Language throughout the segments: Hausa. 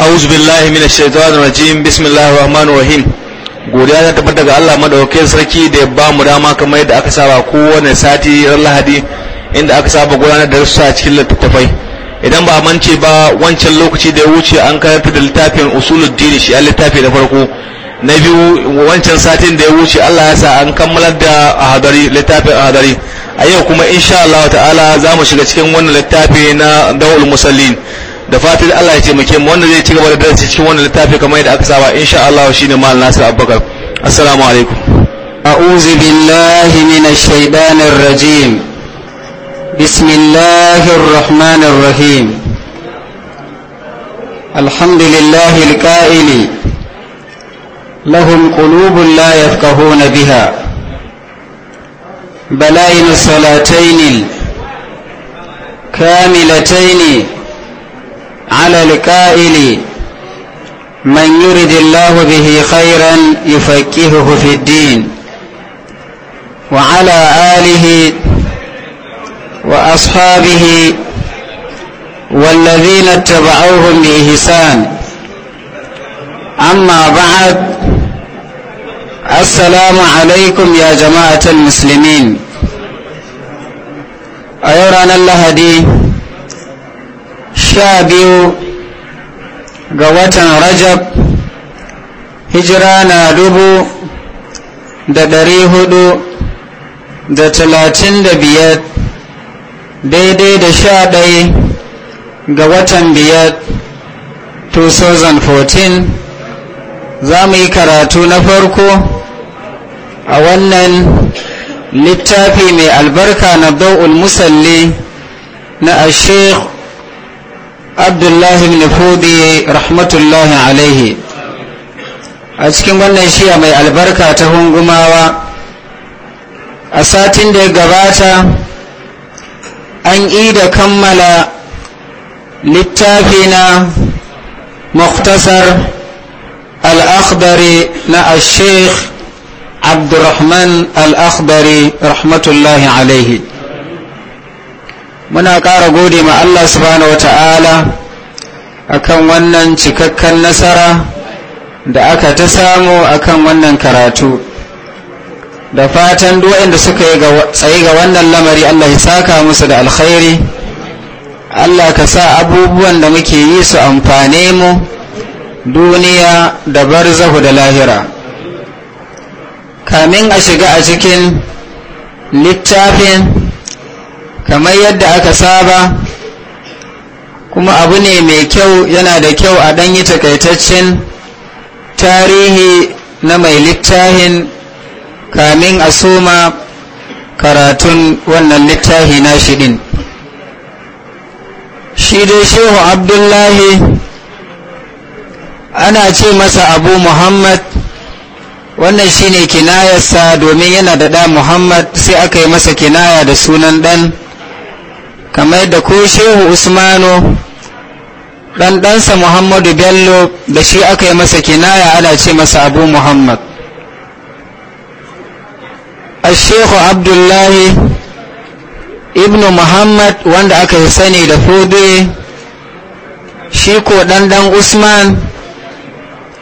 a'udhu billahi minash shaitanir rajim bismillahir rahmanir rahim godiya ta tabbata daga Allah madaukakin sarki da ya ba mu dama kamar yadda aka saba kowane sati ran Lahadi inda aka saba gudanar da rasu a cikin littattafai idan ba mance ba wancan lokaci da ya wuce an karanta da littafin usuluddin shi a littafi da farko na biyu wancan satin da ya wuce Allah ya sa an kammalar da ahadari littafin ahadari a yau kuma insha Allah ta'ala za mu shiga cikin wannan littafi na dawul musallin da fatan Allah ya taimake mu wanda zai ci gaba da darasi cikin wannan littafi kamar yadda aka saba insha Allah shine Mal Nasir Abubakar assalamu alaikum a'udhu billahi minash shaitanir rajim bismillahir rahmanir rahim alhamdulillahi alqa'ili lahum qulubun la yafqahuna biha بلائن الصلاتين الكاملتين على الكائل من يرد الله به خيرا يفكهه في الدين وعلى آله وأصحابه والذين اتبعوهم بإحسان أما بعد السلام عليكم يا جماعة المسلمين أيران الله دين sha biyu ga watan rajab hijira na dubu da ɗari hudu da talatin da biyar daidai da sha ɗaya ga watan biyar 2014 za mu yi karatu na farko a wannan littafi mai albarka na dau'ul musalli na ashe. abdullahi الله بن فودي رحمة a cikin wannan shiya mai albarka ta hungumawa a satin da ya gabata an ida kammala littafina na muktasar al'akhdari na ashek abdurrahman al'akhdari rahmatulahi alaihi muna ƙara gode ma Allah subhanahu wata'ala akan wannan cikakken nasara da aka ta samu akan wannan karatu da fatan da suka yi tsaye ga wannan lamari Allah ya saka musu da alkhairi Allah ka sa abubuwan da muke yi su amfane mu duniya da barzahu da lahira kamin a shiga a cikin littafin kamar yadda aka saba kuma abu ne mai kyau yana da kyau a ɗanyi takaitaccen tarihi na mai littahin kamin a soma karatun wannan littahi na shiɗin shi dai shehu abdullahi ana ce masa abu muhammad wannan shine kinayarsa domin yana da ɗa muhammad sai aka yi masa kinaya da sunan ɗan kamar da ko shehu usmanu dan muhammadu bello da shi aka yi masa kinaya ana ce masa abu muhammad الشيخ عبد ibnu muhammad wanda aka yi sani da fobe shi ko ɗanɗan usman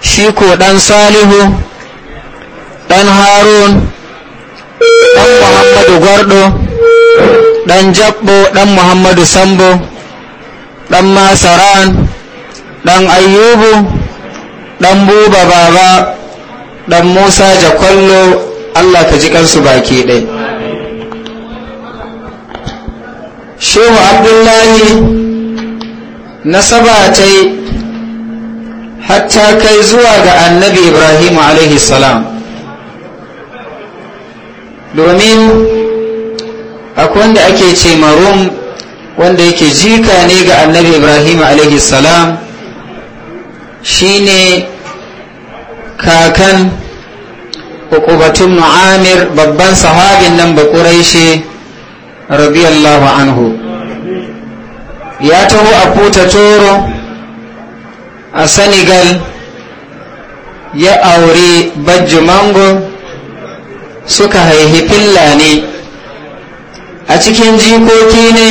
shi ko ɗan salihu ɗan harun ɗan muhammadu gwardo ɗan jaɓɓo ɗan muhammadu sambo ɗan masaran ɗan ayyubu ɗan buba baba ɗan musa jakwallo allah ka ji ƙansu baki ɗai shehu abdullahi nasaba ta yi hatta kai zuwa ga annabi ibrahim alaihi salam domin akwai wanda ake ce marum wanda yake jika ne ga annabi ibrahim alaihi salam shine kakan ƙuƙubatun mu'amir babban sahabin nan ba ƙuraishe radiyallahu anhu ya taho a puta toro a senegal ya aure bajjumango suka haihi filla ne a cikin jikoki ne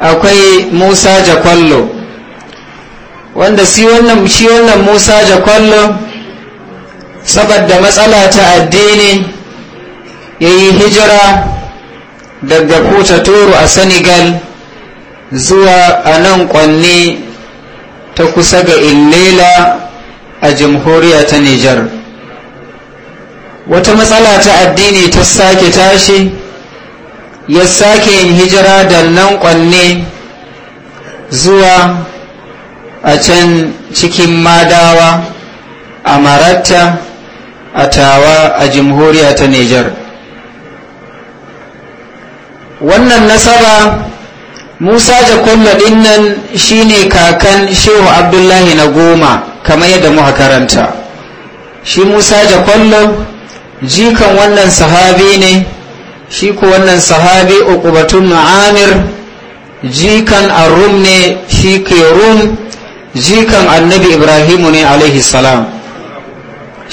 akwai musa jakwallo wanda shi wannan musa jakwallo saboda matsala ta addini ya yi hijira daga kuta toro a senegal zuwa a nan kwanne ta kusa ga Ilela a jamhuriya ta Niger. wata matsala ta addini ta sake tashi ya sake yin hijira da nan kwanne zuwa a can cikin madawa a maratta a tawa a jamhuriya ta Nijar. wannan nasaba musa jakulla dinnan shine kakan shehu abdullahi na goma kamar yadda muka karanta shi musa kullum jikan wannan sahabi ne shi ko wannan sahabi uqubatun mu'amir jikan arrum ne shi ke rum jikan annabi ibrahimu ne alaihi salam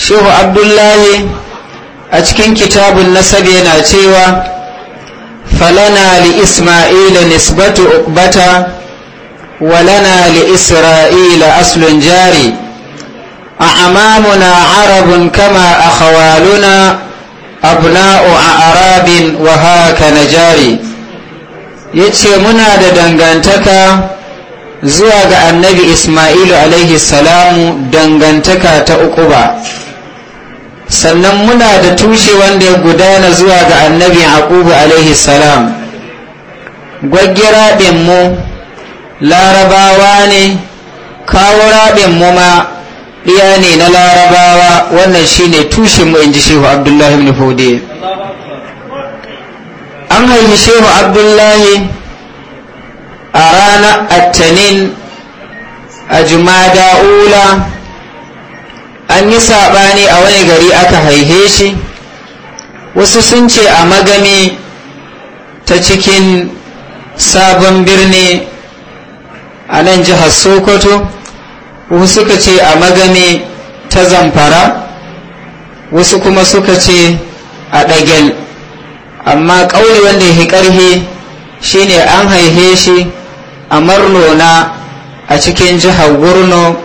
shehu abdullahi a cikin kitabun nasabi yana cewa falana li isma'ila nisbatu uqbata ولنا لإسرائيل أصل جاري أعمامنا عرب كما أخوالنا abna'u a'rabin wa haka najari yace muna da dangantaka zuwa ga annabi Isma'ilu alaihi salamu dangantaka ta uku ba sannan muna da tushe wanda ya gudana zuwa ga annabi akubu alaihi salam gwaggira mu larabawa ne kawo rabin mu ma ɗiya ne na larabawa wannan shi ne tushen mu in ji shehu abdullahi ibn fode an haifi shehu abdullahi a ranar attanin a jumada ula an yi saɓani a wani gari aka haihe shi wasu sun ce a magami ta cikin sabon birni a nan jihar sokoto wasu suka ce a magane ta zamfara wasu kuma suka ce a ɗagel amma ƙauri wanda ya ƙarhe shine an haihe shi a marnona a cikin jihar wurno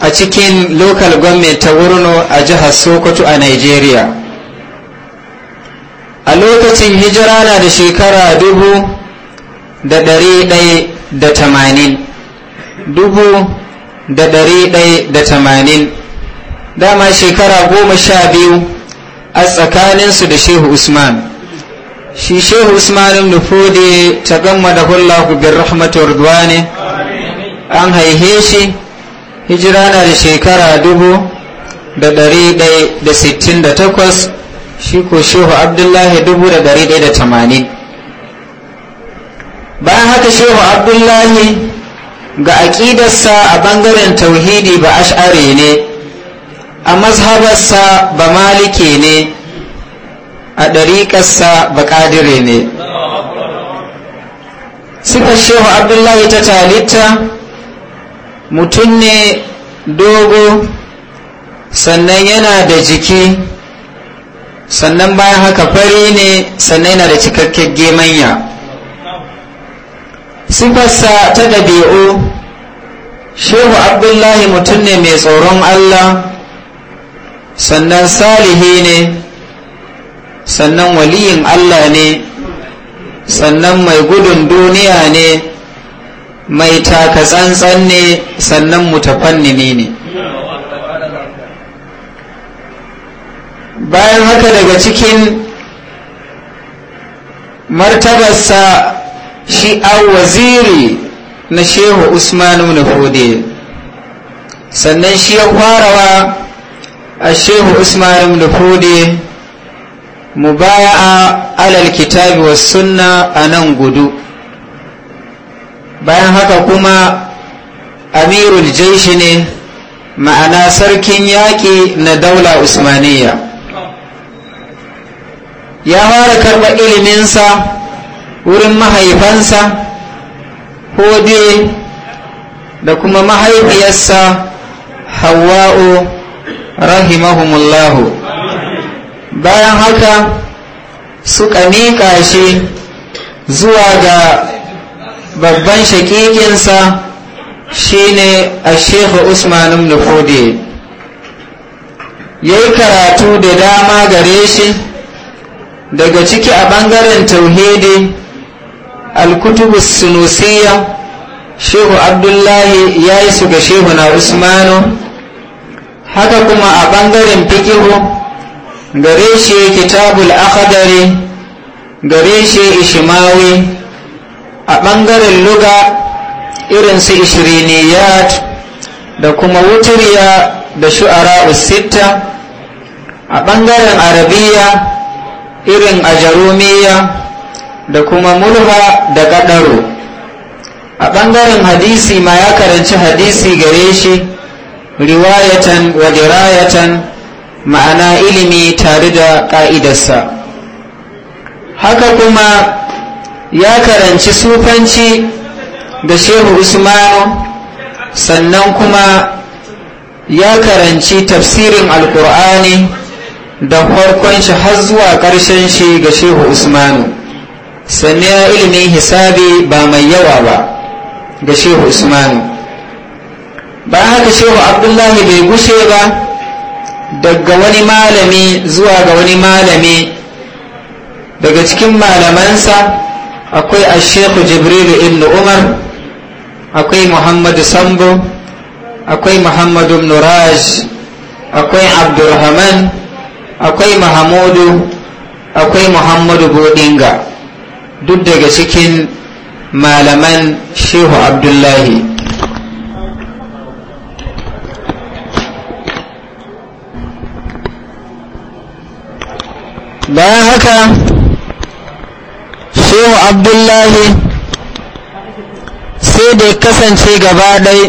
a cikin local government ta wurno a jihar sokoto a nigeria a lokacin hijira na da shekara dubu da ɗari ɗaya da tamanin dubu da ɗari ɗai da tamanin dama shekara goma sha biyu a tsakaninsu da shehu usman shi shehu usman nufodi ta gama da hullahu bin rahmatu ne an haihe shi hijira na da shekara dubu da ɗari ɗai da sittin da takwas shi ko shehu abdullahi dubu da ɗari ɗai da tamanin bayan haka shehu abdullahi ga aƙidarsa a ɓangaren tauhidi ba ash'ari ne a mazhabarsa ba malike ne a ɗariƙarsa ba ƙadire ne sifar shehu abdullahi ta talitta mutum ne dogo sannan yana da jiki sannan bayan haka fari ne sannan yana da cikakken gemanya sifarsa ta ɗabi'u shehu abdullahi mutum ne mai tsoron allah sannan salihi ne sannan waliyin allah ne sannan mai gudun duniya ne mai taka tsantsan ne sannan mutafannini ne bayan haka daga cikin martabarsa shi a waziri na shehu usmanu na sannan shi ya farawa a shehu usmanu na baya mubaya'a alal kitabi wa sunna a nan gudu bayan haka kuma amirul jaishi ne ma'ana sarkin yaƙi na daula usmaniya ya fara karɓar iliminsa wurin mahaifansa ko hode da kuma mahaifiyarsa hawa'u rahimahumullahu bayan haka suka miƙa shi zuwa ga babban shakikinsa shine a shefa usmanin nufode ya yi karatu da dama gare shi daga ciki a ɓangaren tauhidi alkutubu sunusiya shehu abdullahi ya yi su ga shehu na usmanu haka kuma a ɓangaren fikihu gare shi kitabul akhdari gare shi ishimawi a ɓangaren luga irin su ishiriniyat da kuma wuturiya da shu'ara sitta a ɓangaren arabiya irin ajarumiya da kuma mulha da kadaro a ɓangaren hadisi ma ya karanci hadisi gare shi riwayatan wa dirayatan ma'ana ilimi tare da ƙa'idarsa haka kuma ya karanci sufanci da shehu usmanu sannan kuma ya karanci tafsirin alkur'ani da farkon shi har zuwa ƙarshen shi ga shehu usmanu Samiya ilimin hisabi ba mai yawa ba ga shehu usmanu ba haka shehu abdullahi bai gushe ba daga wani malami zuwa ga wani malami daga cikin malamansa akwai a shehu jibrilu ibn umar akwai muhammadu sambo akwai muhammadu nuraj akwai abdurrahman akwai mahamudu akwai muhammadu bodinga duk daga cikin malaman shehu abdullahi bayan haka shehu abdullahi sai da kasance gaba ɗai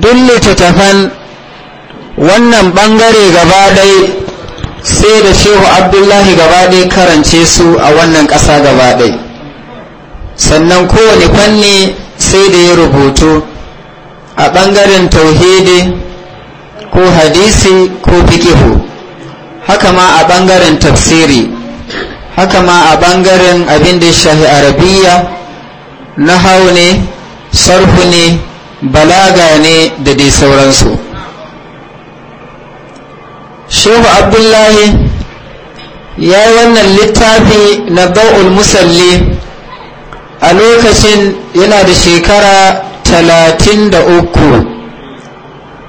duk littattafan wannan ɓangare gaba ɗai sai da shehu abdullahi gabaɗe karance su a wannan ƙasa gabaɗe sannan kowane fanni sai da ya rubutu a ɓangaren tauhidi ko hadisi ko fikihu haka ma a ɓangaren tafsiri haka ma a ɓangaren abin da shahi arabiya na hau ne sarhu ne balaga ne da dai sauransu shehu abdullahi ya yi wannan littafi na ba'ul musalli a lokacin yana da shekara talatin da uku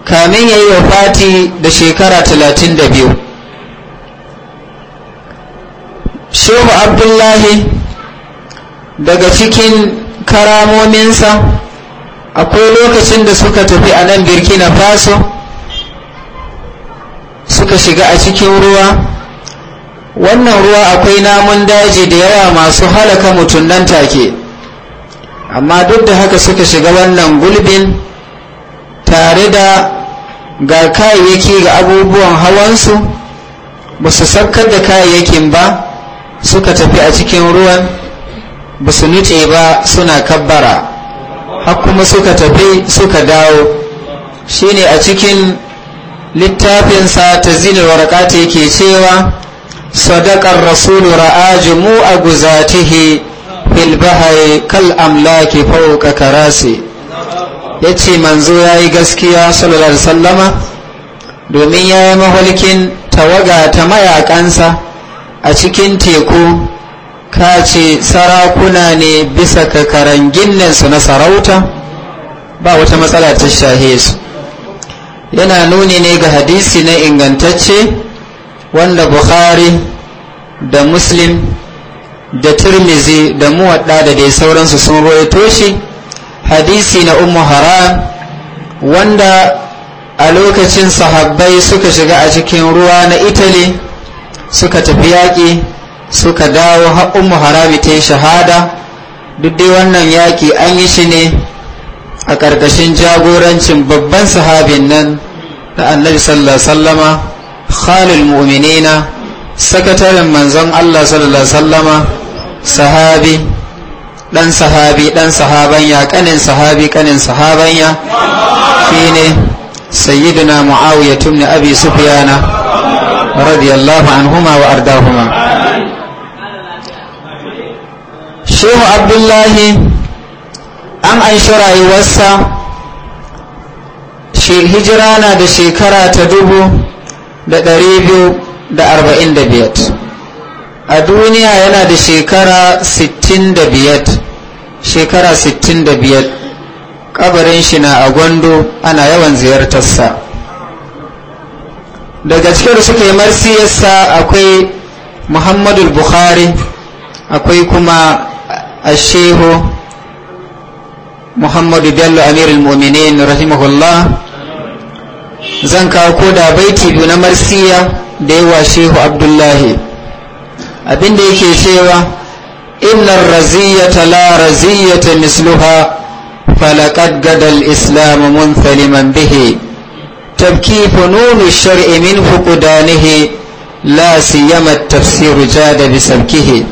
kamin ya yi wa fati da shekara talatin da biyu shehu abdullahi daga cikin karamominsa akwai lokacin da suka tafi a nan burkina faso suka shiga a cikin ruwa wannan ruwa akwai namun daji da yawa masu halaka mutum nan take amma duk da haka suka shiga wannan gulbin tare da ga kayayyaki ga abubuwan hawansu ba su sakkar da kayayyakin ba suka tafi a cikin ruwan ba su nutse ba suna kabbara har kuma suka tafi suka dawo shine a cikin littafinsa ta zinin warakata yake cewa sadakar rasulu ra'a mu a guzatihi filbahari kal amlaki fauka karasi ya ce manzo ya yi gaskiya sallallahu sallama domin ya yi maholkin tawaga ta mayakansa a cikin teku kace sarakuna ne bisa ka su na sarauta ba wata matsala ta shahe su yana nuni ne ga hadisi na ingantacce wanda bukhari da muslim da turmizi da muwadda da dai sauransu sun rawaito shi hadisi na ummu haram wanda a lokacin sahabbai suka shiga a cikin ruwa na italy suka tafi yaƙi suka dawo har ummu harami ta yi shahada duk dai wannan yaƙi an yi shi ne a ƙarƙashin jagorancin babban sahabin nan da annabi sallallahu sallama khalil mu'minina sakataren manzon Allah sallallahu sallama sahabi dan sahabi dan sahabanya kanin sahabi kanin sahabanya shine sayyidina muawiya ibn abi sufyana radiyallahu anhuma wa ardahuma shehu abdullahi an an rayuwarsa hijira na da shekara ta dubu da ɗari biyu da arba'in da biyar a duniya yana da shekara sittin da biyar shekara sittin da biyar ƙabarin shi na a gwando ana yawan ziyartarsa daga cikin da suka yi marsiyarsa akwai muhammadu bukhari akwai kuma asheho Muhammadu Bello Amirul Mu'minin rahimahullah zan kawo koda baiti biyu na marsiya da yawa Shehu Abdullahi abinda yake cewa innar ta la raziyata misluha falaqad gadal mun munthaliman bihe. tabki fununu shar'i min fuqdanihi la siyama tafsiru jada bisabkihi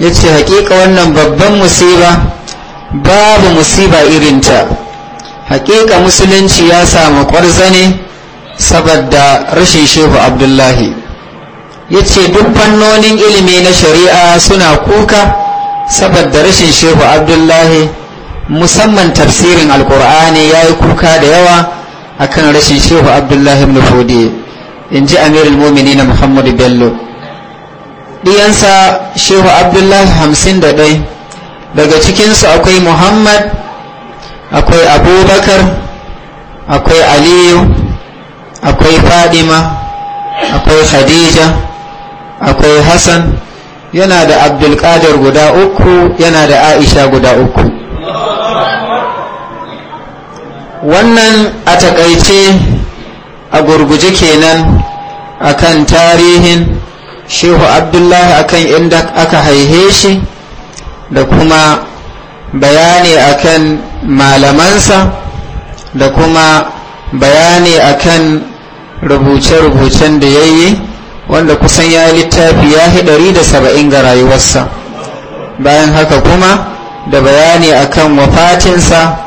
yace hakika wannan babban musiba babu musiba irinta hakika musulunci ya samu ƙwarzane saboda rashin shehu abdullahi ya ce duk fannonin ilimi na shari'a suna kuka saboda rashin shehu abdullahi musamman tafsirin alkur'ani ya yi kuka da yawa akan rashin shehu abdullahi ibn in ji amirin momini na muhammadu bello ɗiyansa shehu abdullahi hamsin da ɗai daga cikinsu akwai muhammad akwai abubakar akwai aliyu akwai fadima akwai khadija akwai hassan yana da abdulkadir guda uku yana da aisha guda uku wannan a takaice a gurguje kenan akan tarihin shehu abdullahi akan inda aka haihe shi da kuma bayani akan malamansa da kuma bayani akan rubuce-rubucen da ya yi wanda kusan ya yi littafi ya ɗari da saba'in ga rayuwarsa bayan haka kuma da bayani akan wafatinsa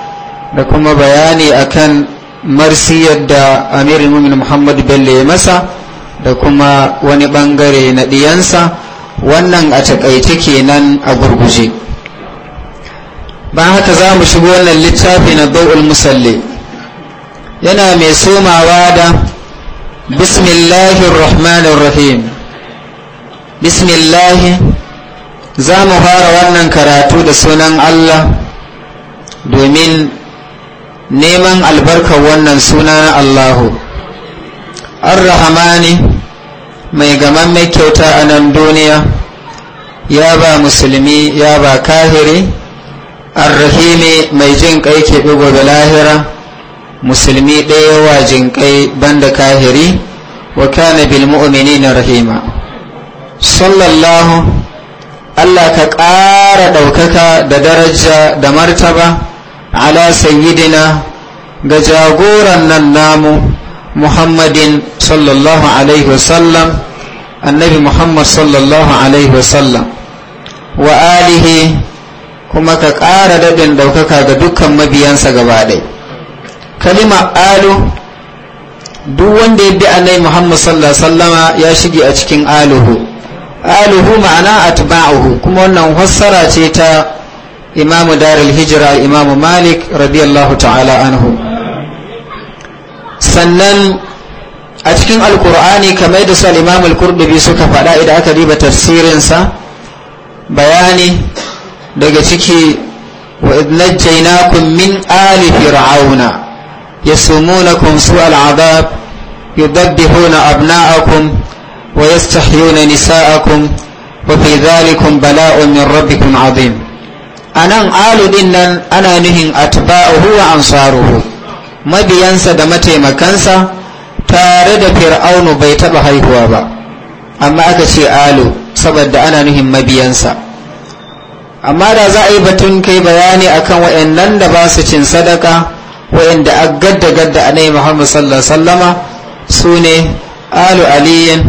da kuma bayani akan marsiyar da amirin mumin muhammad bello ya masa da kuma wani bangare na diyansa. wannan a takaice kenan a gurguje ba haka za mu shigo wannan littafi na bau'ul musalli yana mai somawa da bismillahir rahmanir rahim bismillahi za mu fara wannan karatu da sunan allah domin neman albarkar wannan sunan allahu ar-rahmani mai gaman mai kyauta a nan duniya ya ba musulmi ya ba kahiri arrahimi mai jin kai ke da lahira musulmi ɗaya wa jin kai banda kahiri wa kana bil mu'minina rahima sallallahu Allah ka ƙara ɗaukaka da daraja da martaba ala sayyidina ga jagoran nan namu محمد صلى الله عليه وسلم النبي محمد صلى الله عليه وسلم وآله kuma ka ƙara daɗin ɗaukaka ga dukkan mabiyansa gaba ɗai kalima alu duk wanda ya bi annabi muhammad sallallahu sallama ya shige a cikin aluhu aluhu ma'ana atba'uhu kuma wannan fassara ce ta imamu darul hijira imamu malik radiyallahu ta'ala anhu sannan a cikin alkur'ani kamar da sal imam al-qurdubi suka faɗa idan aka riba tafsirinsa bayani daga ciki wa idnajjaynakum min ali fir'auna yasumunakum su'al adab yudabbihuna abna'akum wa yastahyuna nisa'akum wa fi dhalikum bala'un min rabbikum azim anan alu din ana nuhin atba'uhu wa ansaruhu mabiyansa da mataimakansa tare da fir'aunu bai taɓa haihuwa ba amma aka ce Alu saboda ana nuhin mabiyansa amma da za a yi batun kai bayani akan waannan da ba su cin sadaka wa'anda a gadda gadda anai muhammad sallallahu sallama su ne alu aliyin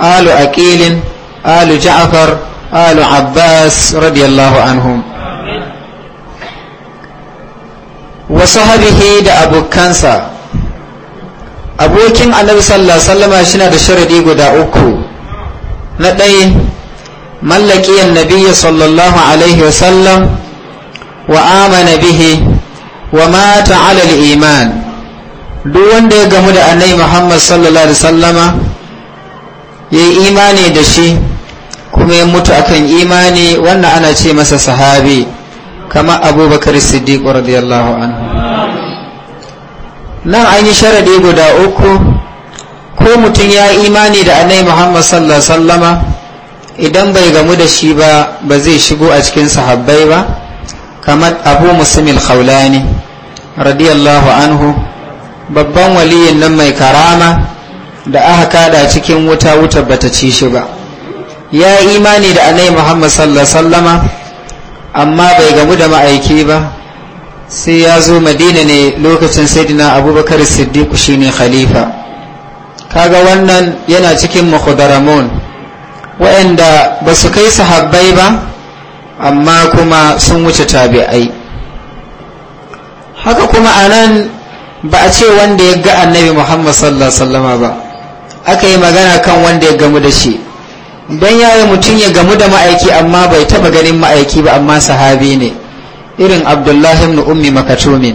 alu aqilin alu ja'far alu abbas radiyallahu anhum wasu habihi da abokansa abokin annabi sallallahu sallama na da sharadi guda uku na ɗaya mallaki annabi sallallahu alaihi wasallam wa amana bihi wa mata alal iman duk wanda ya gamu da annabi muhammad sallallahu alaihi wasallama ya yi imani da shi kuma ya mutu akan imani wannan ana ce masa sahabi kama abubakar siddiq radiyallahu anhu nan an yi sharadi guda uku ko mutum ya imani da annai muhammad sallallahu sallama idan bai gamu da shi ba ba zai shigo a cikin sahabbai ba kamar abu musulmin khawlani radiyallahu anhu babban waliyin nan mai karama da aka kada cikin wuta wuta bata ci shi ba ya imani da annai muhammad sallallahu sallama amma bai gamu da ma'aiki ba sai ya zo madina ne lokacin saidina abubakar siddiqu shine khalifa kaga wannan yana cikin mahudaramun waɗanda ba su kai sahabbai ba amma kuma sun wuce tabi'ai haka kuma a nan ba a ce wanda ya ga annabi muhammad sallallahu sallama ba aka yi magana kan wanda ya gamu da shi don yayi mutum ya gamu da ma'aiki amma bai taba ganin ma'aiki ba amma sahabi ne irin abdullahi ibn ummi makatumin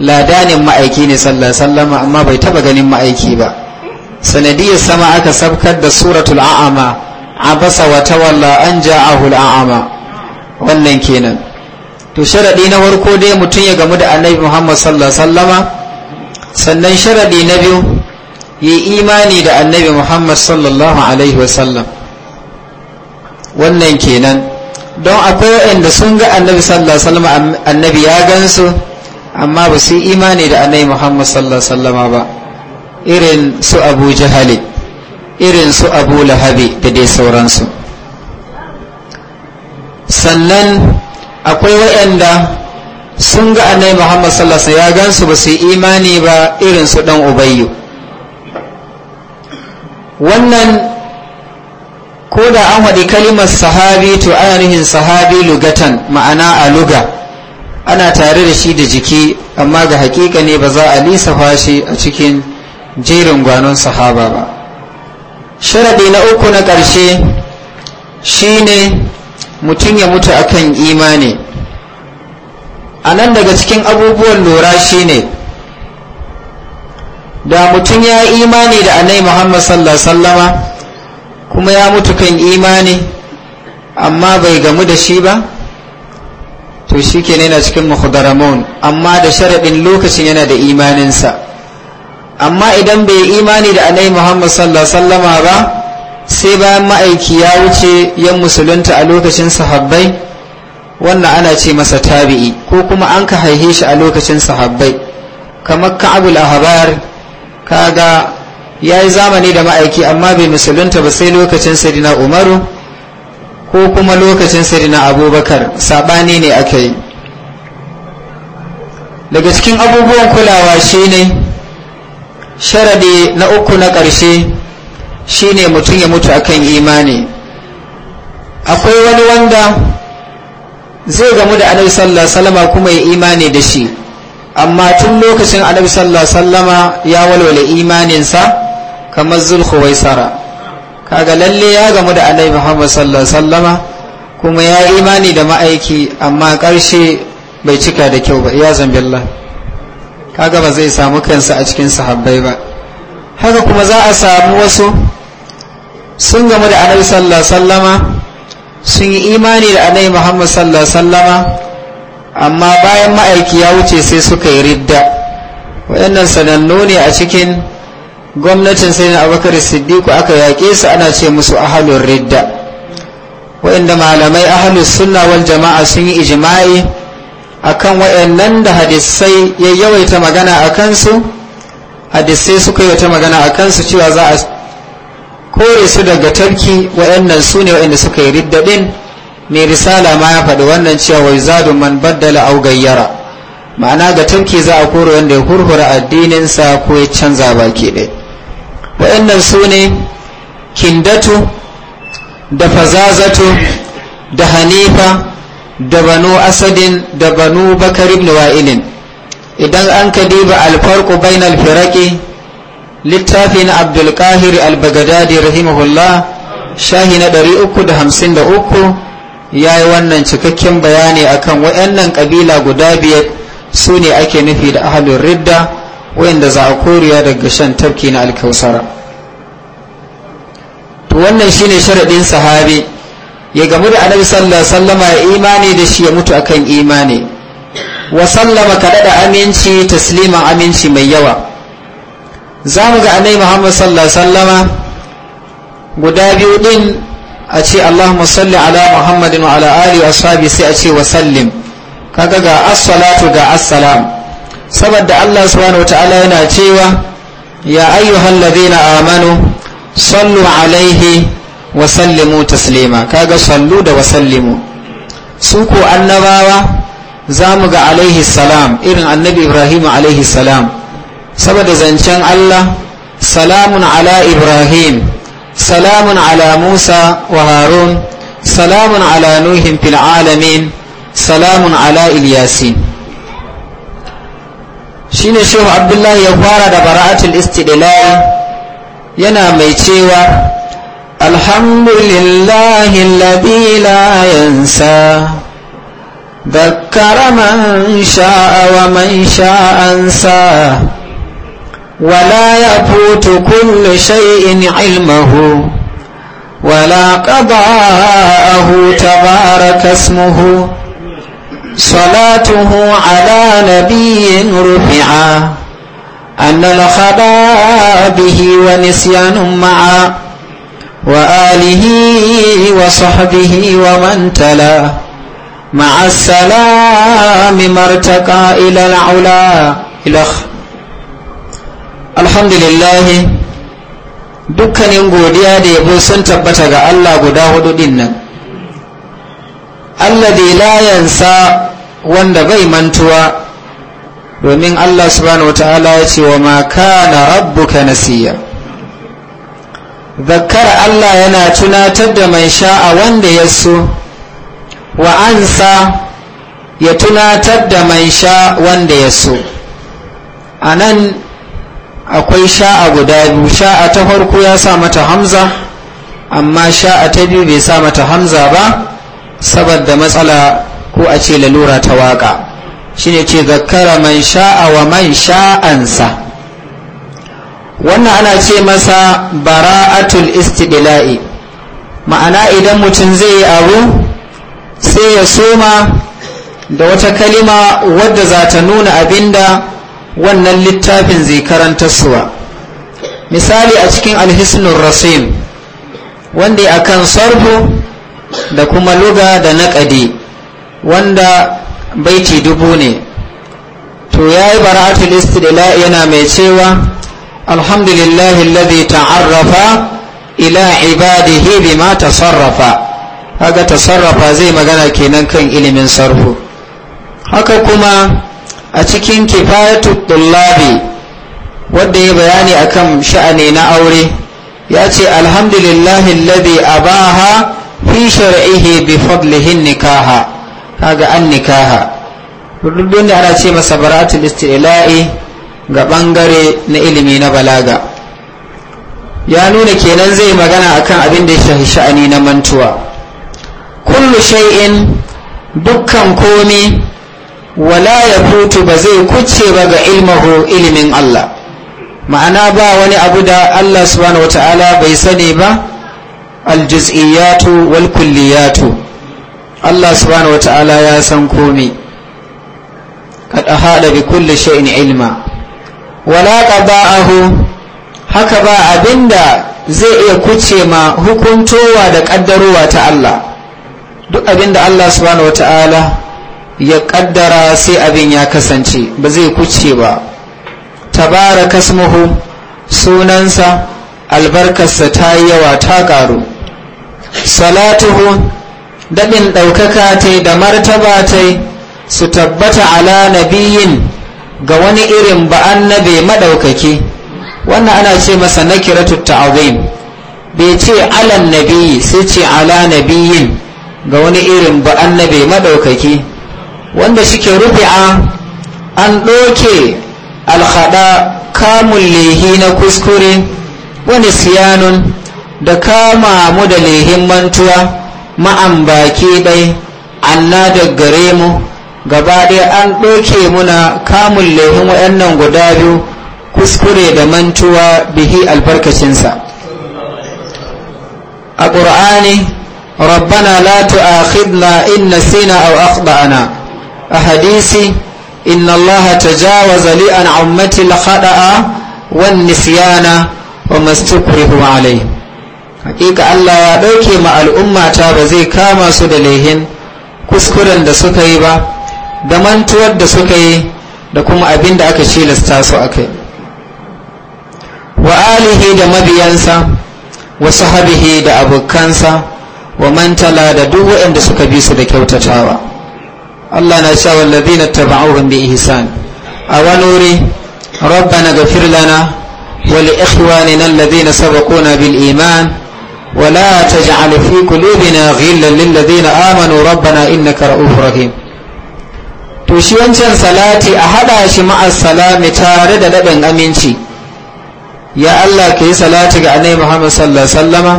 ladanin ma'aiki ne sallallahu sallama amma bai taba ganin ma'aiki ba sanadiyar sama aka sabkar da suratul a'ama abasa wa tawalla an ja'ahu a'ama wannan kenan to sharadi na warko dai mutum ya gamu da annabi muhammad sallallahu sallama sannan sharadi na biyu yi imani da annabi muhammad sallallahu alaihi wasallam wannan kenan don akwai waɗanda sun ga annabi sallallahu alaihi wasallam annabi ya gansu amma ba su imani da annabi Muhammad sallallahu alaihi wasallama ba irin su Abu Jahali irin su Abu Lahabi da dai sauransu sannan akwai waɗanda sun ga annabi Muhammad sallallahu alaihi wasallam ya gansu ba su imani ba irin su dan Ubayyu wannan ko da an haɗi kalimar sahabi to ainihin sahabi lugatan ma'ana a luga ana tare da shi da jiki amma ga hakika ne ba za a lisafa shi a cikin jerin gwanon sahaba ba sharaɗi na uku na ƙarshe shine mutum ya mutu akan imani a nan daga cikin abubuwan lura ne. da mutum ya imani da anai muhammad sallallahu alaihi kuma ya mutu kan imani amma bai gamu da shi ba to shi ke yana cikin mukhdaramon amma da sharaɗin lokacin yana da imaninsa amma idan bai yi imani da anai muhammad sallallahu sallama ba sai bayan ma'aiki ya wuce yan musulunta a lokacin sahabbai wannan ana ce masa tabi'i ko kuma an ka haihe shi a lokacin sahabbai kamar ka ka'abul ka ga. ya yi zamani da ma'aiki amma bai musulunta ba sai lokacin sadina umaru ko kuma lokacin sadina abubakar sabani ne aka yi daga cikin abubuwan kulawa shine sharadi na uku na ƙarshe shine mutum ya mutu akan imani akwai wani wanda zai gamu da annabi sallallahu salama kuma ya imani da shi amma tun lokacin annabi sallallahu sallama ya walwale imaninsa kamar sara kaga lalle ya gamu da annabi muhammad sallallahu alaihi wasallama kuma ya imani da ma'aiki amma karshe bai cika da kyau ba ya zambilla kaga ba zai samu kansa a cikin sahabbai ba haka kuma za a samu wasu sun gamu da annabi sallallahu alaihi wasallama sun yi imani da annabi muhammad sallallahu alaihi wasallama amma bayan ma'aiki ya wuce sai suka yi ridda waɗannan sanannu ne a cikin gwamnatin sai na abubakar siddiku aka yaƙe su ana ce musu ahalun ridda waɗanda malamai ahalun sunna wal jama'a sun yi ijima'i akan waɗannan da hadisai ya yawaita magana a kansu hadisai suka wata magana a kansu cewa za a kore su daga tarki waɗannan su ne waɗanda suka yi ridda ɗin mai risala ma ya faɗi wannan cewa wai zadun man baddala au gayyara ma'ana ga tarki za a kore wanda ya hurhura addininsa ko ya canza baki ɗaya waɗannan su ne kindatu da fazazatu da hanifa da banu asadin da banu bakar ibn wa'ilin idan an ka diba alfarku bainal alfiraki littafin abdulkahir albagadadi rahimahullah shahi na 353 ya yi wannan cikakken bayani akan waɗannan ƙabila guda biyar su ne ake nufi da ahalun ridda wayanda za a koriya daga shan tafki na alkausara to wannan shine sharadin sahabi ya gamu da annabi sallallahu alaihi wasallama ya imani da shi ya mutu akan imani wa sallama kada da aminci tasliman aminci mai yawa za mu ga annabi muhammad sallallahu alaihi wasallama guda biyu din a ce allahumma salli ala muhammadin wa ala alihi wa ashabi sai a ce wa sallim kaga ga as-salatu ga as-salam saboda Allah subhanahu wataala yana cewa ya ayyuhal ladina amanu sallu alaihi wa sallimu taslima kaga sallu da wa sallimu su ko annabawa za mu ga alaihi salam irin annabi ibrahim alaihi salam saboda zancen Allah salamun ala ibrahim salamun ala musa wa harun salamun ala nuhin fil alamin salamun ala ilyasin shine shehu abdullahi ya fara da bara'atul istidlal yana mai cewa alhamdulillahi alladhi la yansa dakkara man sha'a wa man sha'a ansa wala yafutu kullu shay'in ilmuhu wala qada'ahu tabaraka ismuhu صلاته على نبي رفعا أن الخبا به ونسيان معا وآله وصحبه ومن تلا مع السلام ما ارتقى إلى العلا إلخ الحمد لله dukkanin godiya da yabo sun tabbata ga Allah guda hudu din nan alladhi la yansa wanda bai mantuwa domin Allah subhanahu wataala ya ce wa ma na rabbuka nasiya zakkar Allah yana tunatar da mai sha'a wanda ya so wa ansa ya tunatar da mai sha wanda ya so a nan akwai sha'a guda biyu sha'a ta farko ya sa mata hamza amma sha'a ta biyu bai sa mata hamza ba saboda matsala ko a ce lalura ta waka shine ce zakara man sha'a wa man sha'ansa wannan ana ce masa bara'atul istidila'i ma'ana idan mutum zai yi abu sai ya soma da wata kalima wadda za ta nuna abinda wannan littafin zai karanta suwa misali a cikin alhisnun rasim wanda kan sarfu da kuma luga da naƙadi wanda baiti dubu ne to ya yi bara'atul istidila yana mai cewa alhamdulillah alladhi ta'arrafa ila ibadihi bima tasarrafa kaga tasarrafa zai magana kenan kan ilimin sarhu haka kuma a cikin kifatu tullabi wanda ya bayani akan sha'ani na aure ya ce alhamdulillah alladhi abaha fi shari'ihi bi fadlihin nikaha kaga an nikaha duk da ana ce masa baratu istila'i ga bangare na ilimi na balaga ya nuna kenan zai magana akan abin da ya shafi sha'ani na mantuwa kullu shay'in dukkan komi wala ya futu ba zai kuce ba ga ilmahu ilimin Allah ma'ana ba wani abu da Allah subhanahu wata'ala bai sani ba aljiz'iyatu wal kulliyatu Allah subhanahu wata'ala ya san komai kad ahada bi kulli shay'in ilma wala qada'ahu haka ba abinda zai iya kuce ma hukuntowa da kaddarowa ta Allah duk abinda Allah subhanahu wata'ala ya kaddara sai abin ya kasance ba zai kuce ba tabarakasmuhu sunansa albarkarsa ta yi yawa ta ƙaru salatuhu daɗin ɗaukaka ta da martaba ta su tabbata ala nabiyin ga wani irin ba annabe maɗaukaki wannan ana ce masa na kiratu ta'azim bai ce alan nabiyi sai ce ala nabiyin ga wani irin ba annabe maɗaukaki wanda shike rufi'a an ɗoke alhaɗa kamun lehi na kuskure wani siyanun da kama mu da lehin mantuwa ma'an baki ɗai anna da gare mu gaba ɗaya an ɗoke muna kamun lehin waɗannan guda biyu kuskure da mantuwa bihi albarkacinsa a ƙur'ani rabbana la tu'akhidna in nasina aw akhdana a hadisi inna allaha tajawaza li an ummati al khada'a wan nisyana wa mastukrihu alayhi hakika Allah ya ɗauke ma al'ummata ba zai kama su da lehin kuskuren da suka yi ba da mantuwar da suka yi da kuma abin da aka cilasta su a kai wa alihi da mabiyansa wa sahabihi da abokansa wa mantala da duk waɗanda suka bi su da kyautatawa Allah na sha cewa wallazina taba'uhum bi ihsan a wani wuri rabbana ghafir lana wa li ikhwanina alladhina sabaquna bil iman ولا تجعل في قلوبنا غلا للذين امنوا ربنا انك رؤوف رحيم to shi wancan salati a haɗa shi ma'ar salami tare da daɗin aminci ya Allah ka yi salati ga annabi Muhammad sallallahu sallama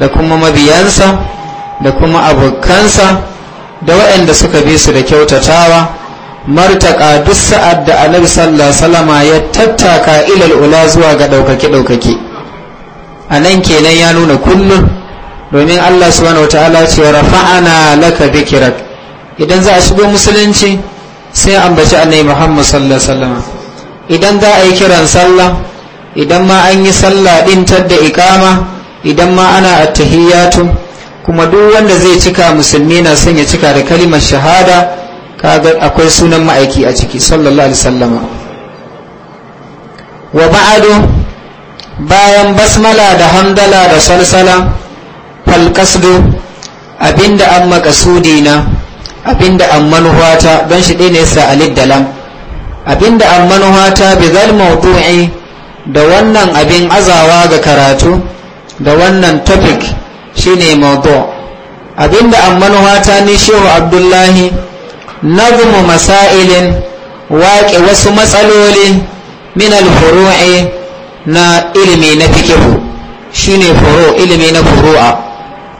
da kuma mabiyansa da kuma abokansa da waɗanda suka bi su da kyautatawa martaka duk sa'ad da annabi sallallahu sallama ya tattaka ilal ula zuwa ga ɗaukake-ɗaukake a nan kenan ya nuna kullum domin Allah subhanahu wataala ce rafa'ana laka dhikrak idan za a shigo musulunci sai ambaci annabi Muhammad sallallahu alaihi idan za a yi kiran sallah idan ma an yi sallah din tadda iqama idan ma ana attahiyatu kuma duk wanda zai cika musulmi na son ya cika da kalimar shahada kaga akwai sunan ma'aiki a ciki sallallahu alaihi wa ba'adu bayan basmala da hamdala da salsala falkasdo abinda an makasudi na abinda an manuhata don shi ɗaya ne sa aliddalam abinda an manuhata bi zal mawdu'i da wannan abin azawa ga karatu da wannan topic shine mawdu abinda an manuhata ni shehu abdullahi nazmu masailin waƙe wasu matsaloli min al-furu'i na ilimi na fikihu shine furu ilimi na furu'a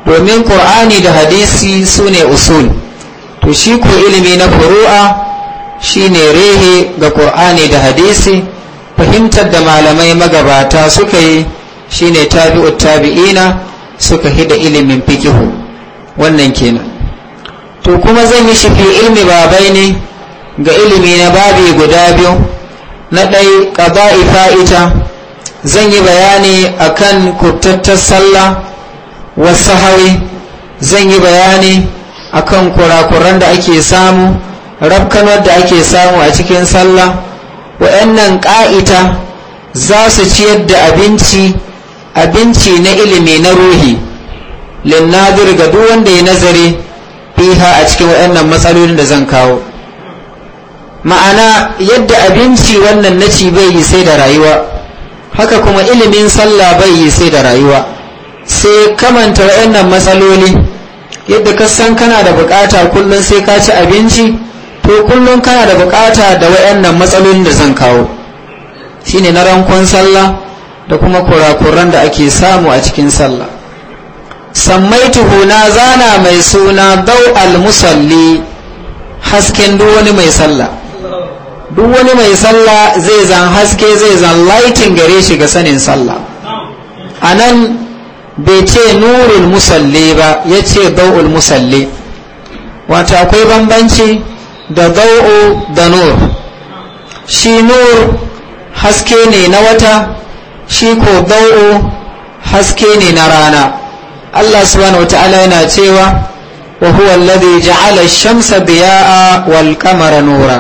domin qur'ani da hadisi sune usul to shi ko ilimi na furu'a shine rehe ga qur'ani da hadisi fahimtar da malamai magabata suka yi shine tabi'ut tabi'ina suka hida ilimin fikihu wannan kenan to kuma zan yi shafi ilmi babai ne ga ilimi na babi guda biyu na ɗai ƙaba'i fa'ita zan yi bayani akan kurtattar sallah wasu hawi zan yi bayani akan kurakuran da ake samu rabkanar da ake samu a cikin sallah wa'annan ƙa'ita za su ciyar da abinci abinci na ilimi na ruhi linnadir ga duk wanda ya nazari biha a cikin wa'annan matsalolin da zan kawo ma'ana yadda abinci wannan na ci bai yi sai da rayuwa haka kuma ilimin sallah bai yi sai da rayuwa sai kamanta wayannan matsaloli yadda ka san kana da bukata kullum sai ka ci abinci to kullum kana da bukata da wayannan matsalolin da zan kawo shine na rankon sallah da kuma kurakuran da ake samu a cikin sallah sammaituhu na zana mai suna dau al-musalli hasken duk wani mai sallah duk wani mai sallah zai zan haske zai zan lighting gare shi ga sanin sallah a nan bai ce nurul musalli ba ya ce dau'ul musalli wato akwai bambanci da dau'u da nur shi nur haske ne na wata shi ko dau'u haske ne na rana Allah subhanahu wata'ala yana cewa wa huwa alladhi ja'ala ash-shamsa biya'a wal qamara nura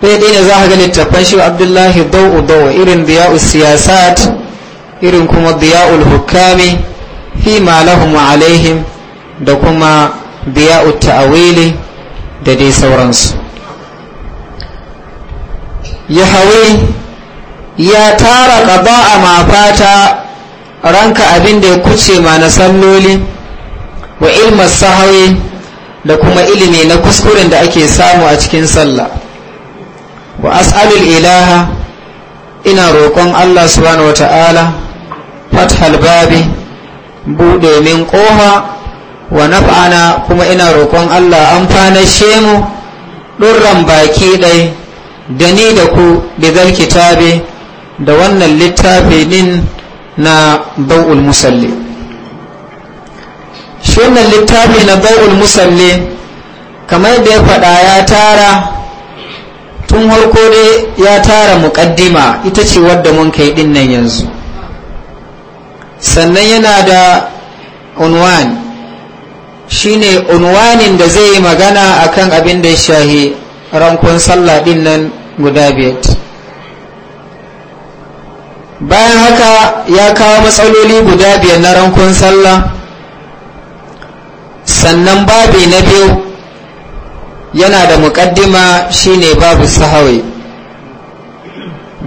ɗaya ɗaya ne za ka gani tafan shi abdullahi dau'u dau'u irin biya'u siyasat irin kuma biya'ul hukami fi ma lahum alaihim da kuma biya'u ta'awili da dai sauransu yahawi ya tara ƙaba ma fata ranka abin da ya kuce ma na salloli wa ilmar sahawi da kuma ilimi na kuskuren da ake samu a cikin sallah wa as'alul ilaha ina roƙon Allah subhanahu ta'ala fathal babi buɗe min ƙoha wa naf'ana kuma ina roƙon Allah amfana shemu ɗurran baki ɗai da ni da ku bizar kitabe da wannan littafi din na bau'ul musalli shi wannan littafi na bau'ul musalli kamar da ya faɗa ya tara tun harko ne ya tara muƙaddima ita ce wadda mun kai ɗin nan yanzu sannan yana da shi shine unwanin da zai yi magana akan abin da ya shahi rankun sallah ɗin nan guda biyar bayan haka ya kawo matsaloli guda biyar na rankun sallah sannan babi na biyu yana da mukaddima shine babu sahawi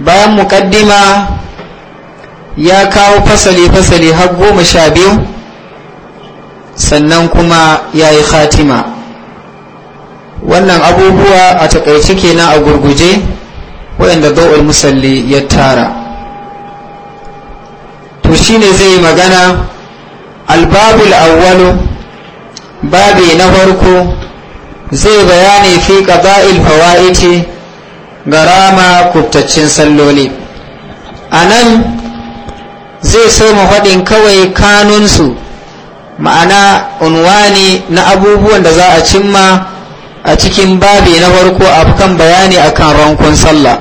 bayan mukaddima ya kawo fasali-fasali har goma sha biyu sannan kuma ya yi khatima wannan abubuwa a takaice kenan a gurguje waɗanda zo'ul musalli ya tara to shine zai yi magana albabul awwalu babi na farko zai bayani fi qada'il fawaiti garama kubtaccen salloli anan zai so mu faɗin kawai kanunsu ma'ana unwani na abubuwan da za a cimma a cikin babi na farko a kan bayani akan rankon sallah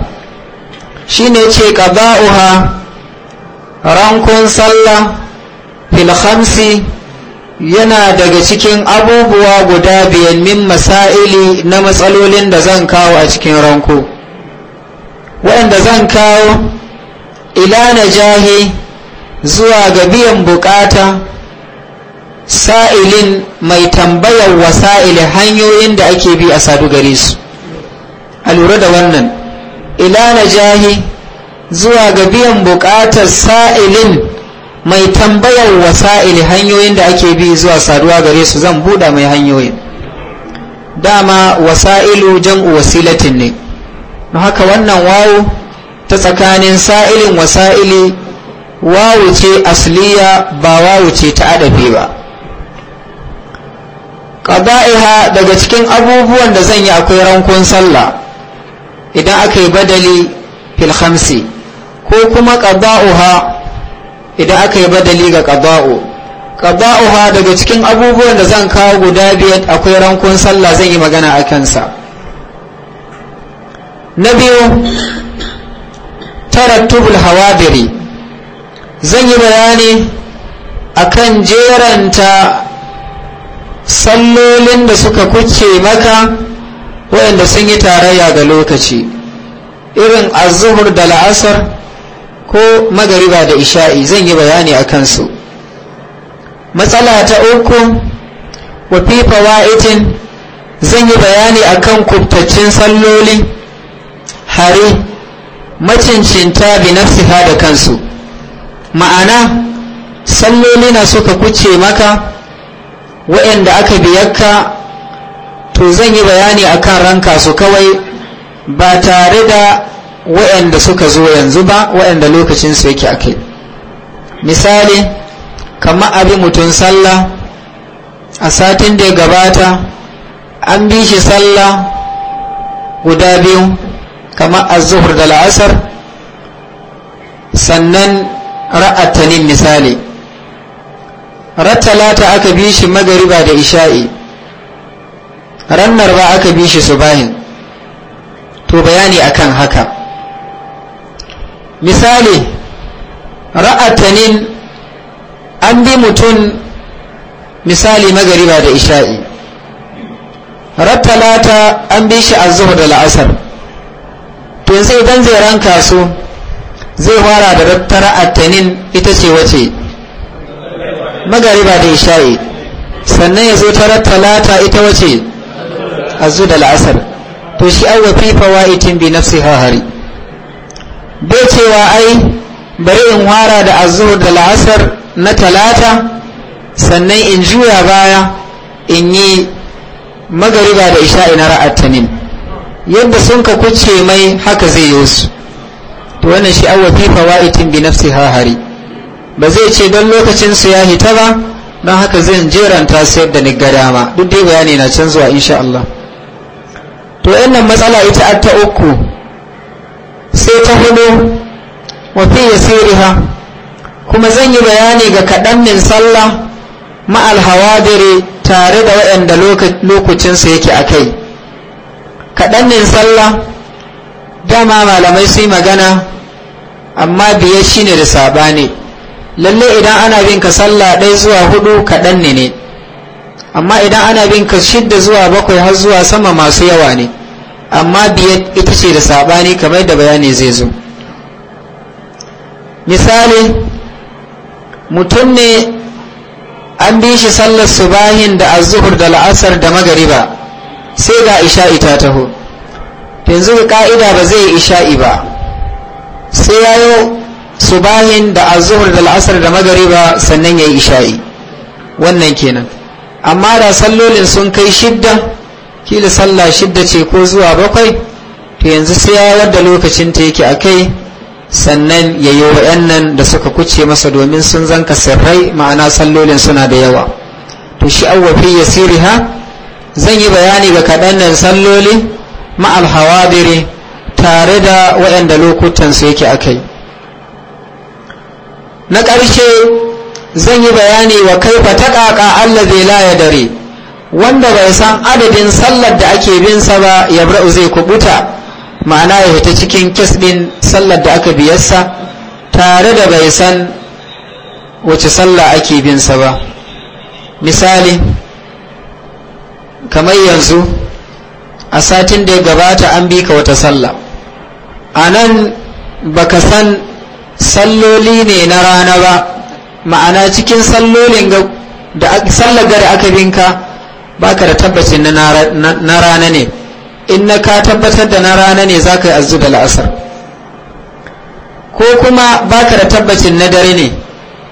shine ce qada'uha rankon sallah fil yana daga cikin abubuwa guda biyan min masaili na matsalolin da zan kawo a cikin ranko waɗanda zan kawo ila jahi zuwa ga biyan bukata sa'ilin mai tambayar wasa'ili hanyoyin da ake bi a sadu gare su a lura da wannan ila jahi zuwa ga biyan bukatar sa'ilin mai tambayar wasa'il hanyoyin da ake bi zuwa saduwa gare su zan buɗa mai hanyoyin dama wasa'ilu jam'u wasilatin ne na haka wannan wawo ta tsakanin sa'ilin wasa'ili wawo ce asliya ba wawo ce ta adabi ba ƙaba'iha daga cikin abubuwan da zan yi akwai rankon sallah idan aka yi badali filhamsi ko kuma ƙaba'uha idan aka yi badali ga ƙaba'u ƙaba'u ha daga cikin abubuwan da zan kawo guda biyar akwai rankun sallah zan yi magana a kansa na biyu tarattubul hawadiri zan yi bayani a kan jeranta sallolin da suka kuce maka waɗanda sun yi tarayya ga lokaci irin azuhur da la'asar ko magariba da isha'i zan yi bayani a kansu matsala ta uku wa fawa'itin zan yi bayani a kan kubtaccin salloli hari macincinta bi nafsiha da kansu ma'ana salloli na suka kuce maka waɗanda aka biyakka to zan yi bayani a kan ranka su kawai ba tare da wa'anda suka zo yanzu ba lokacin su yake akai misali kamar abi mutum sallah a satin da ya gabata an bi shi sallah guda biyu kamar azuhur da la'asar sannan ra'atanin misali ratalata aka bi shi magariba da isha'i rannar ba aka bi shi subahin to bayani akan haka misali ra'atanin an bi mutum misali magariba da isha'i rattalata an bi shi azuhu da la'asar to yanzu idan zai ranka su zai fara da rattara attanin ita ce wace magariba da isha'i sannan ya zo ta rattalata ita wace azu da la'asar to shi an wafi fawaitin bi nafsi hahari bai cewa ai bari in wara da azur da la'asar na talata sannan in juya baya in yi magariba da isha'i na tanin yadda sun ka kuce mai haka zai yi su to wannan shi awwa fi fawaitin bi nafsi hari ba zai ce don lokacin su ya hita ba don haka zan jeranta su yadda ni gadama duk dai bayani na canzuwa insha Allah to wannan matsala ita ta uku sai ta hudu wafi ya siriha kuma zan yi bayani ga kaɗan min sallah ma'alhawa dare tare da waɗanda lokacinsu yake a kai kaɗan min sallah dama malamai su yi magana amma biye shi ne da sabani lalle idan ana bin ka sallah ɗaya zuwa hudu kaɗan ne amma idan ana bin ka shidda zuwa bakwai har zuwa sama masu yawa ne amma biyar ita ce da saɓani kamar da bayani zai zo misali mutum ne an bi shi sallar subahin da azuhur da la'asar da magariba sai ga isha'i ta taho yanzu ka'ida ba zai isha'i ba sai ya yi subahin da azuhur da la'asar da magariba sannan ya yi isha'i wannan kenan amma da sallolin sun kai shidda kila sallah shidda ce ko zuwa bakwai to yanzu sai ya wadda lokacin ta yake a kai sannan ya yi da suka kuce masa domin sun zanka sirrai ma'ana sallolin suna da yawa to shi awwafi ya ha zan yi bayani ga kaɗannan salloli ma'al hawabiri tare da lokutan su yake akai na ƙarshe zan yi bayani wa kaifa ta ƙaƙa allah la ya dare wanda bai san adadin sallar da ake bin sa ba ya bra'u zai kubuta ma'ana ya fita cikin kes din sallar da aka biyarsa tare da bai san wace sallah ake bin sa ba misali kamar yanzu a satin da ya gabata an bi ka wata sallah a nan baka san salloli ne na rana ba ma'ana cikin sallolin da sallar da aka binka baka da tabbacin na rana ne in na ka tabbatar da na rana ne za ka yi azu da la'asar ko kuma baka da tabbacin na dare ne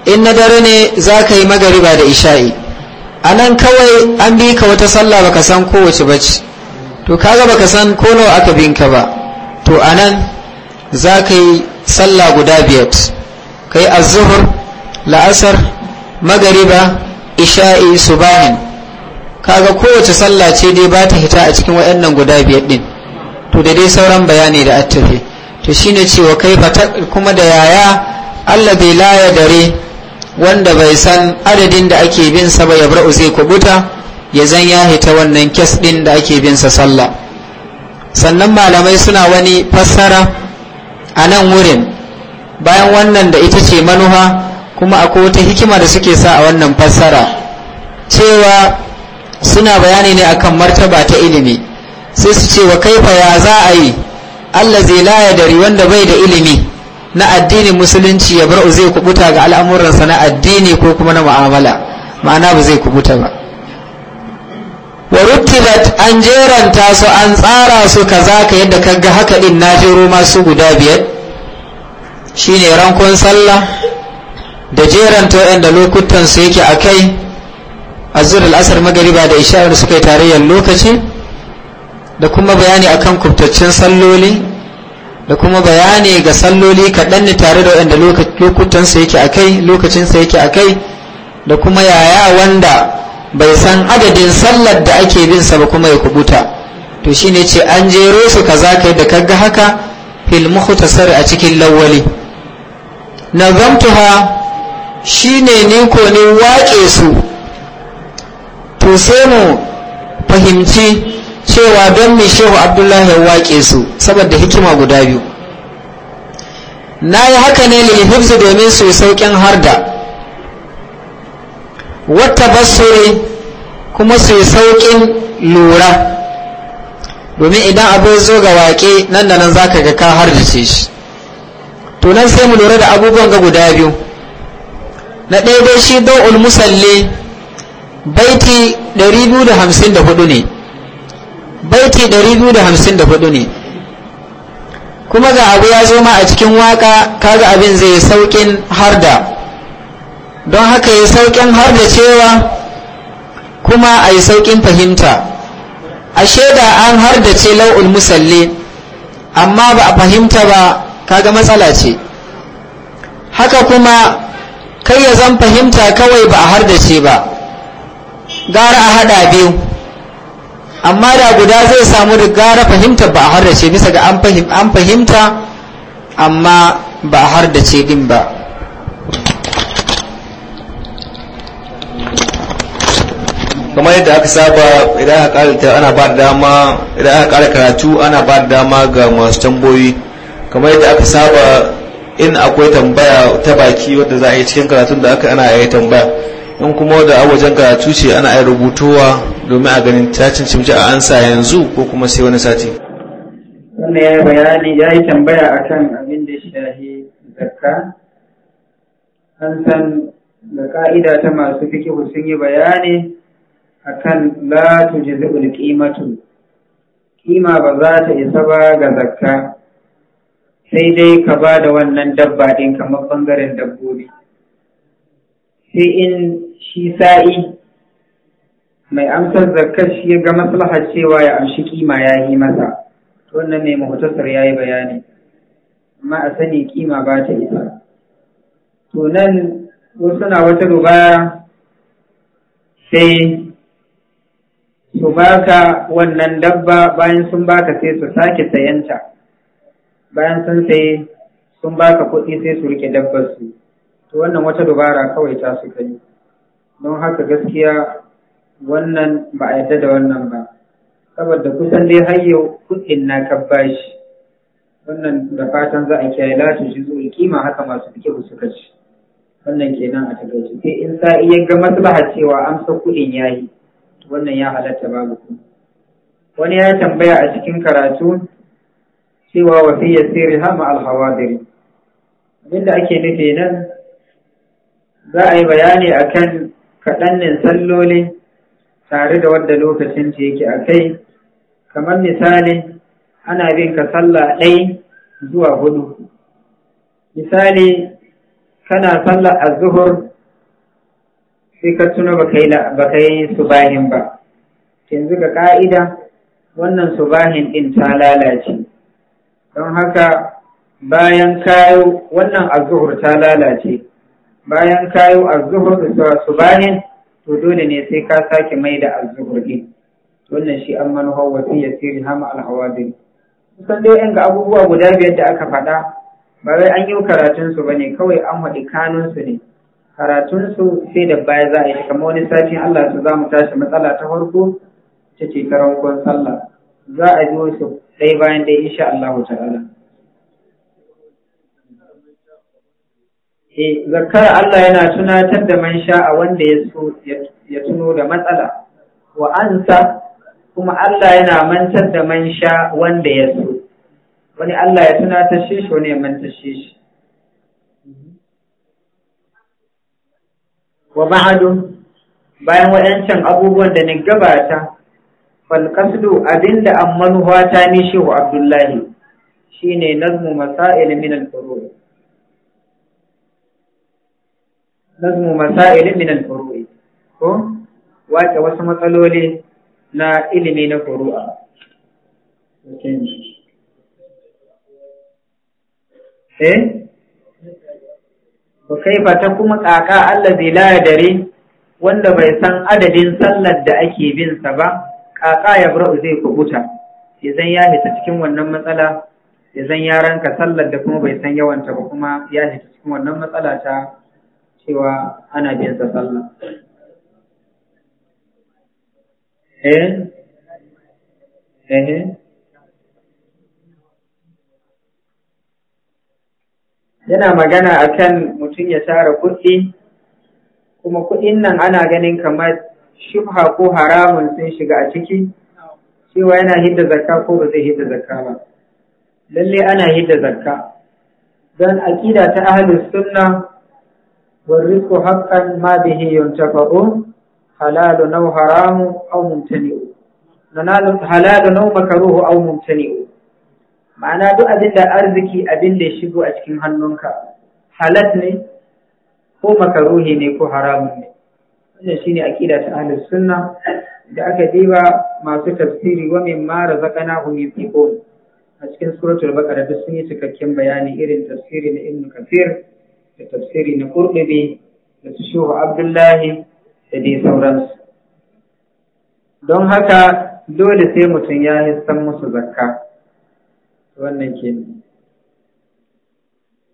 in na dare ne za ka yi magariba da isha'i a nan kawai an bi ka wata sallah baka san kowace bacci to kaga baka san ko nawa aka bin ka ba to a nan za ka yi sallah guda biyar ka yi azuhur la'asar magariba isha'i subahin kaga kowace sallah ce dai ba ta hita a cikin waɗannan guda biyar ɗin to da dai sauran bayani da attafe to shine cewa kai kuma da yaya Allah bai laya dare wanda bai san adadin da ake bin sa ba ya bra'u zai kubuta ya zan ya hita wannan kes ɗin da ake bin sa sallah sannan malamai suna wani fassara a nan wurin bayan wannan da ita ce manuha kuma akwai wata hikima da suke sa a wannan fassara cewa suna bayani ne akan martaba ta ilimi sai su ce wa kaifa ya za a yi Allah zai laya dari wanda bai da ilimi na addinin musulunci ya u zai kubuta ga al'amuransa na addini ko kuma na mu'amala ma'ana ba zai kubuta ba wa ruttibat an jeranta su an tsara su kaza ka yadda ka ga haka din na jero masu guda biyar shine rankon sallah da jeranta waɗanda lokutan su yake a kai azur al'asar magariba da isha'ar suka yi tarayyar lokaci da kuma bayani akan kubtaccen salloli da kuma bayani ga salloli kaɗan ne tare da wanda lokutansa yake a kai lokacinsa yake a kai da kuma yaya wanda bai san adadin sallar da ake bin sa ba kuma ya kubuta to shine ce an jero su kaza kai da kaga haka fil mukhtasar a cikin lawali. nazamtuha shine ni ko ne waƙe su to sai mu fahimci cewa don mai shehu abdullahi ya waƙe su saboda hikima guda biyu na yi haka ne lilhifzu domin su sauƙin harda wata basure kuma su sauƙin lura domin idan abin zo ga waƙe nan da nan za ka ga ka ce shi to nan sai mu lura da abubuwan ga guda biyu na ɗaya dai shi don ulmusalle baiti 254 ne baiti 254 ne kuma ga abu ya zo ma a cikin waka kaga abin zai saukin harda don haka ya saukin harda cewa kuma a yi saukin fahimta a shaida an harda ce la'ul musalli amma ba a fahimta ba kaga matsala ce haka kuma kai ya zan fahimta kawai ba a harda ce ba gara a haɗa biyu amma da guda zai samu da gara fahimta ba a ce bisa ga an fahimta amma ba a ce din ba kamar yadda aka saba idan aka karanta ana ba da dama idan aka kara karatu ana ba da dama ga masu tamboyi kamar yadda aka saba in akwai tambaya ta baki wadda za a yi cikin karatun da aka ana yi tambaya in kuma da a wajen karatu ce ana ai rubutuwa domin a ganin ta cancanci a ansa yanzu ko kuma sai wani sati wannan ya yi bayani ya yi tambaya akan abin da shahi zakka an san da ka'ida ta masu fiki sun yi bayani akan la tujzi'ul kimatu kima ba za ta isa ba ga zakka sai dai ka ba da wannan dabba ɗin kamar ɓangaren dabbobi sai in shi sa'i mai amsar zakar shi ya ga maslaha cewa ya amshi kima ya yi masa to wannan mai mahutasar ya yi bayani amma a sani kima ba ta isa to nan wasu wata rubaya sai su baka wannan dabba bayan sun baka sai su sake sayanta bayan sun saye sun baka kuɗi sai su rike dabbar su to wannan wata dubara kawai ta suka yi don haka gaskiya wannan ba a yadda da wannan ba saboda kusan dai har yau na kabbashi wannan da fatan za a kiyaye lati shi zuwa kima haka masu fike suka ci wannan kenan a takaice sai in sa iya ga maslaha cewa amsa kuɗin yayi wannan ya halatta babu ku wani ya tambaya a cikin karatu cewa wasiyar sirri hama alhawadiri abinda ake nufi nan za a yi bayani akan kaɗannin salloli tare da wadda lokacin ce yake a kai kamar misali ana bin ka salla ɗai zuwa hudu misali kana sallah a zuhur sai ka tuna ba ka yi subahin ba yanzu ga ƙa'ida wannan subahin ɗin ta lalace don haka bayan kayo wannan azuhur ta lalace bayan kayo az-zuhur da bayan to dole ne sai ka sake mai da alzuhuri wannan shi an manuhar ya siri hama alhawadin kusan dai ga abubuwa guda biyar da aka faɗa ba wai an yi karatunsu ba ne kawai an waɗi kanunsu ne karatunsu sai da baya za a yi kamar wani satin Allah su za mu tashi matsala ta farko ta ce ta sallah za a yi su ɗaya bayan dai insha Allah ta'ala Eh, zakar Allah yana tunatar da man sha'a wanda ya so ya tuno da matsala wa ansa kuma Allah yana mantar da man sha wanda ya so wani Allah ya tunatar shi shi wani ya mantar shi wa ba'adu bayan waɗancan abubuwan da ni gabata qasdu abinda an manuwa ta shi wa abdullahi shine nazmu masail min al nazmu masail min al-furu'i ko wace wasu matsaloli na ilimi na furu'a eh kai kaifa ta kuma kaka allazi la dare wanda bai san adadin sallar da ake bin sa ba kaka ya bura zai kubuta idan ya hita cikin wannan matsala idan ya ranka sallar da kuma bai san yawanta ba kuma ya hita cikin wannan matsala ta cewa ana biyan sa sallah eh eh yana magana akan mutum ya tara kuɗi kuma kuɗin nan ana ganin kamar shubha ko haramun sun shiga a ciki cewa yana hidda zakka ko ba zai hidda zakka ba Lallai ana hidda zakka don aƙida ta ahlus sunna والرزق حقا ما به ينتفع حلال او حرام أو ممتنع حلال او مكروه او ممتنع ma'ana duk abin da arziki abin da ya shigo a cikin hannunka halat ne ko makaruhi ne ko haramun ne wannan shine aqida ta ahlus sunna da aka diba masu tafsiri wa min ma hum yufiqun a cikin suratul baqara duk sun yi cikakken bayani irin tafsiri na ibnu kafir da tafsiri na kurɗube da su shehu abdullahi da dai sauransu don haka dole sai mutum ya yi san musu zakka wannan kenan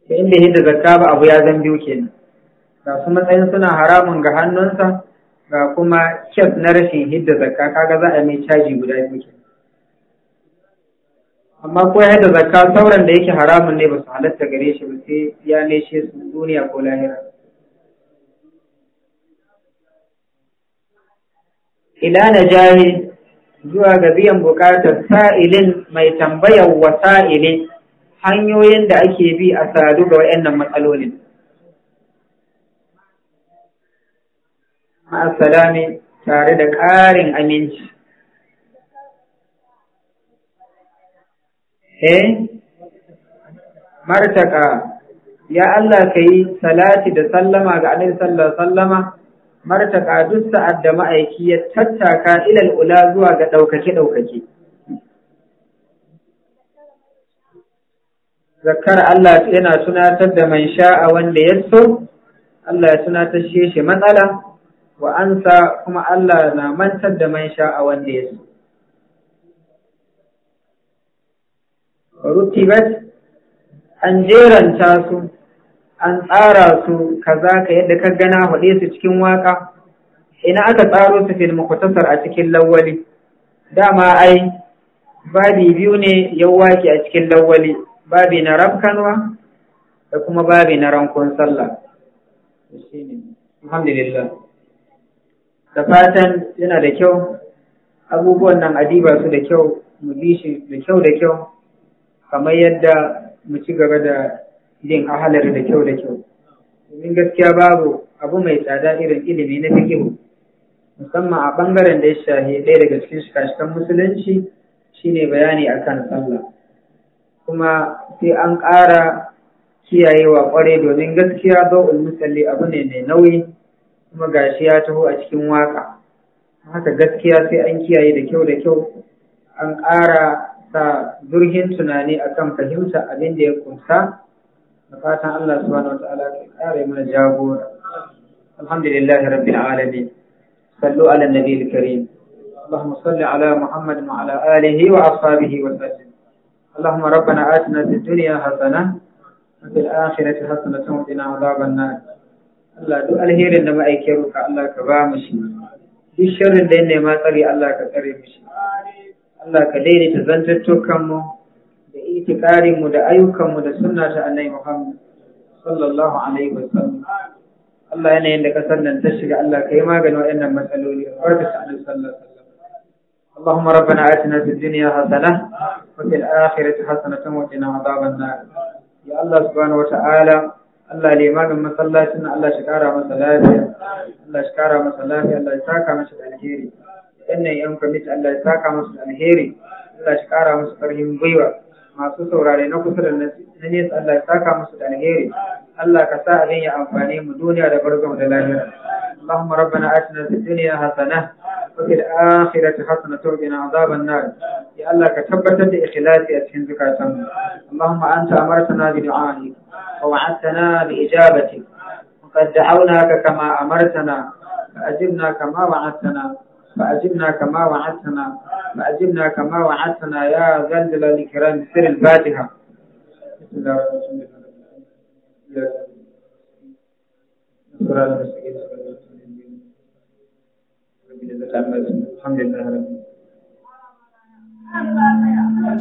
ta inda hidda zakka ba abu ya zan biyu kenan ga su matsayin suna haramun ga hannunsa ga kuma kyas na rashin hidda zakka kaga za a mai caji guda biyu amma ko ya da zakka sauran da yake haramun ne ba su halatta gare shi ba sai ya neshe su duniya ko lahira ila na jahi zuwa ga biyan bukatar sa'ilin mai tambayar sa'ilin, hanyoyin da ake bi a sadu ga wayannan matsalolin ma'asalami tare da ƙarin aminci eh martaka ya Allah ka yi salati da sallama ga alaihi sallallahu sallama martaka duk sa'ad da ma'aiki ya tattaka ilal ula zuwa ga ɗaukake ɗaukake Zakar Allah yana tunatar da man sha'a wanda ya so Allah ya tunatar shi matsala wa ansa kuma Allah na mantar da man sha'a wanda ya so rutibat an jeranta su an tsara su kaza ka yadda ka gana haɗe su cikin waka ina aka tsaro su fil mukhtasar a cikin lawali? dama ai babi biyu ne yawwaki a cikin lawali, babi na rabkanwa da kuma babi na rankon sallah alhamdulillah da fatan yana da kyau abubuwan nan adiba su da kyau mu bi shi da kyau da kyau kamar yadda mu ci gaba da yin ahalar da kyau da kyau domin gaskiya babu abu mai tsada irin ilimi na fikihu musamman a ɓangaren da ya shahi ɗaya daga cikin shikashikan musulunci shine bayani akan sallah kuma sai an ƙara kiyayewa ƙware domin gaskiya ba'ul misali abu ne mai nauyi kuma gashi ya taho a cikin waƙa. haka gaskiya sai an kiyaye da kyau da kyau an ƙara sa zurgin tunani akan fahimta abin da ya kunsa da fatan Allah subhanahu wa ta'ala ka kare mana jagora alhamdulillah rabbil alamin sallu ala nabiyil karim اللهم صل على محمد وعلى آله وأصحابه وسلم اللهم ربنا آتنا في الدنيا حسنة وفي الآخرة حسنة وقنا عذاب النار Allah duk alherin da ma'aike muka Allah ka ba mu shi duk sharrin da ne nema tsari Allah ka tsare mu Allah ka daidaita zantattukanmu da itikarinmu da ayyukanmu da sunna ta annabi Muhammad sallallahu alaihi wasallam Allah yanayin da kasar nan ta shiga Allah ka yi maganin waɗannan matsaloli a farka sa annabi sallallahu alaihi wasallam اللهم ربنا آتنا في الدنيا حسنة وفي الآخرة حسنة وقنا عذاب النار يا الله سبحانه وتعالى Allah maganin masallacin Allah shi kara masa lafiya Allah shi kara masa lafiya Allah shi saka mashi alheri Sannan yan kwamiti Allah ya saka musu da alheri Allah ya kara musu karfin gwiwa masu saurare na kusa da na nesa Allah ya saka musu da alheri Allah ka sa abin ya amfani mu duniya da barkan da lahira اللهم ربنا آتنا في الدنيا حسنة وفي الآخرة حسنة وقنا عذاب النار يا الله كتبت إخلاسي أسهن زكاتنا اللهم أنت أمرتنا بدعائك ووعدتنا بإجابتك وقد دعوناك كما أمرتنا فأجبنا كما وعدتنا فأجبنا كما وعدتنا فأجبنا كما وعدتنا يا ذا الجلال سر الفاتحة الحمد لله رب العالمين